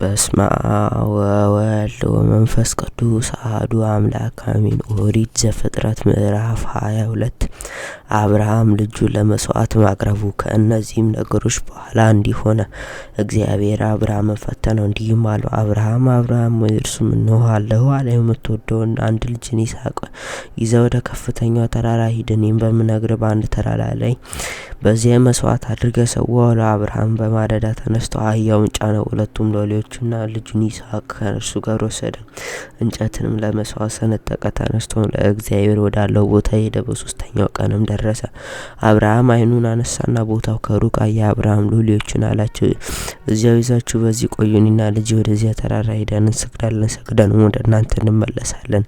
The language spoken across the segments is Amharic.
በስመ አብ ወወልድ ወመንፈስ ቅዱስ አህዱ አምላክ አሚን። ኦሪት ዘፍጥረት ምዕራፍ ሀያ ሁለት አብርሃም ልጁን ለመስዋዕት ማቅረቡ። ከእነዚህም ነገሮች በኋላ እንዲህ ሆነ፣ እግዚአብሔር አብርሃምን ፈተነው እንዲህም አለው፣ አብርሃም አብርሃም እርሱም እነሆ አለሁ አለ። የምትወደውን አንድ ልጅን ይስሐቅን ይዘህ ወደ ከፍተኛው ተራራ ሂድ፣ እኔም በምነግርህ በአንድ ተራራ ላይ በዚያ መስዋዕት አድርገህ ሰዋ ለአብርሃም። በማለዳ ተነስቶ አህያውን ጫነ፣ ሁለቱም ሎሌዎቹና ልጁን ይስሐቅ ከእርሱ ጋር ወሰደ። እንጨትንም ለመስዋዕት ሰነጠቀ። ተነስቶም ለእግዚአብሔር ወዳለው ቦታ ሄደ። በሶስተኛው ቀንም ደረሰ። አብርሃም አይኑን አነሳና ቦታው ከሩቅ አየ። አብርሃም ሎሌዎቹን አላቸው፣ እዚያው ይዛችሁ በዚህ ቆዩንና ልጅ ወደዚያ ተራራ ሄደን እንሰግዳለን፣ ሰግደንም ወደ እናንተ እንመለሳለን።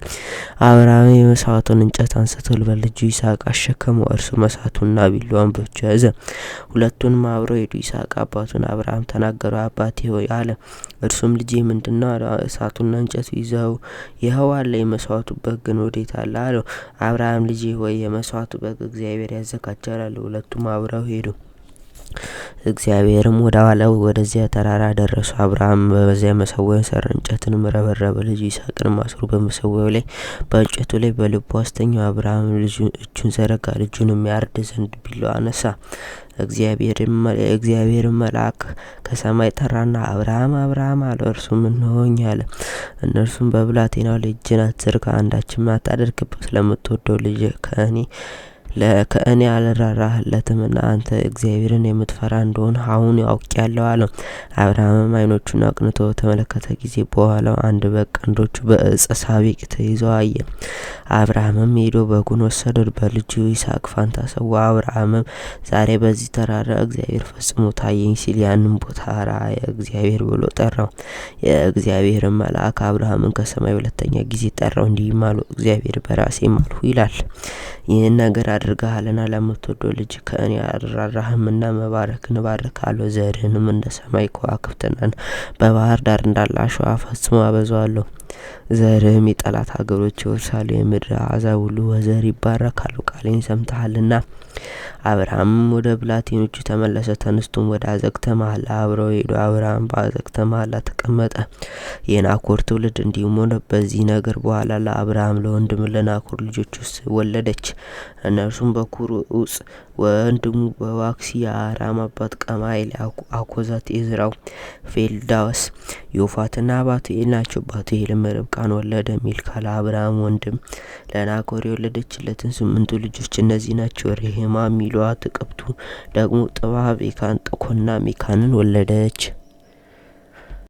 አብርሃም የመስዋዕቱን እንጨት አንስቶ በልጁ ይስሐቅ አሸከመው። እርሱ መስዋዕቱና ቢላዋን በእጃቸው ያዘ። ሁለቱንም አብረው ሄዱ። ይስሐቅ አባቱን አብርሃም ተናገረ። አባቴ ሆይ አለ። እርሱም ልጄ ምንድን ነው? እሳቱና እንጨቱ ይዘው ይኸው አለ። የመስዋዕቱ በግ ግን ወዴት አለ? አለው። አብርሃም ልጄ ሆይ የመስዋዕቱ በግ እግዚአብሔር ያዘጋጃል አለ። ሁለቱም አብረው ሄዱ። እግዚአብሔርም ወደ ኋላው ወደዚያ ተራራ ደረሱ። አብርሃም በዚያ መሰዊያ ሰራ፣ እንጨትንም ረበረበ። ልጁ ይስሐቅንም አስሮ በመሰዊያው ላይ በእንጨቱ ላይ በልቡ አስተኛው። አብርሃም ልጁ እጁን ዘረጋ፣ ልጁንም ያርድ ዘንድ ቢላዋ አነሳ። እግዚአብሔር መልአክ ከሰማይ ጠራና አብርሃም አብርሃም አለ። እርሱም እነሆኝ አለ። እነርሱም በብላቴናው ልጅን እጅን አትዘርጋ፣ አንዳችም አታደርግበት፣ ለምትወደው ልጅ ከእኔ ከእኔ አልራራህለትምና አንተ እግዚአብሔርን የምትፈራ እንደሆን አሁን ያውቄአለሁ አለው። አብርሃምም ዓይኖቹን አቅንቶ ተመለከተ ጊዜ በኋላው አንድ በግ ቀንዶቹ በእጸ ሳቤቅ ተይዘው አየ። አብርሃምም ሄዶ በጉን ወሰደ፣ በልጁ ይስሐቅ ፋንታ ሰዋ። አብርሃምም ዛሬ በዚህ ተራራ እግዚአብሔር ፈጽሞ ታየኝ ሲል ያንን ቦታ ራእየ እግዚአብሔር ብሎ ጠራው። የእግዚአብሔር መልአክ አብርሃምን ከሰማይ ሁለተኛ ጊዜ ጠራው፣ እንዲህም አለው፣ እግዚአብሔር በራሴ ማልሁ ይላል። ይህን ነገር አድርገሃልና ለምትወደው ልጅ ከእኔ አልራራህምና መባረክን እባርካለሁ። ዘርህንም እንደ ሰማይ ከዋክብትና በባህር ዳር እንዳለ አሸዋ ፈጽሞ አበዛዋለሁ። ዘርህም የጠላት ሀገሮች ይወርሳሉ፣ የምድር አሕዛብ ሁሉ በዘር ይባረካሉ። ቃሌን ሰምተሃልና አብርሃም ወደ ብላቴኖቹ ተመለሰ። ተንስቱም ወደ አዘግተ መሐላ አብረው ሄዱ። አብርሃም በአዘግተ መሐላ ተቀመጠ። የናኮር ትውልድ እንዲሁም ሆነ። በዚህ ነገር በኋላ ለአብርሃም ለወንድም ለናኮር ልጆች ውስጥ ወለደች። እነርሱም በኩሩ ዑፅ፣ ወንድሙ በዋክሲ የአራም አባት ቀማይል፣ አኮዛት፣ የዝራው ፌልዳወስ፣ ዮፋትና ባቱኤል ናቸው። ባቱኤልም ርብቃን ወለደ። ሚልካ ለአብርሃም ወንድም ለናኮር የወለደችለትን ስምንቱ ልጆች እነዚህ ናቸው። ሬሄማ የሚለዋት እቅብቱ ደግሞ ጥባብ ኢካን ጥኮና ሚካንን ወለደች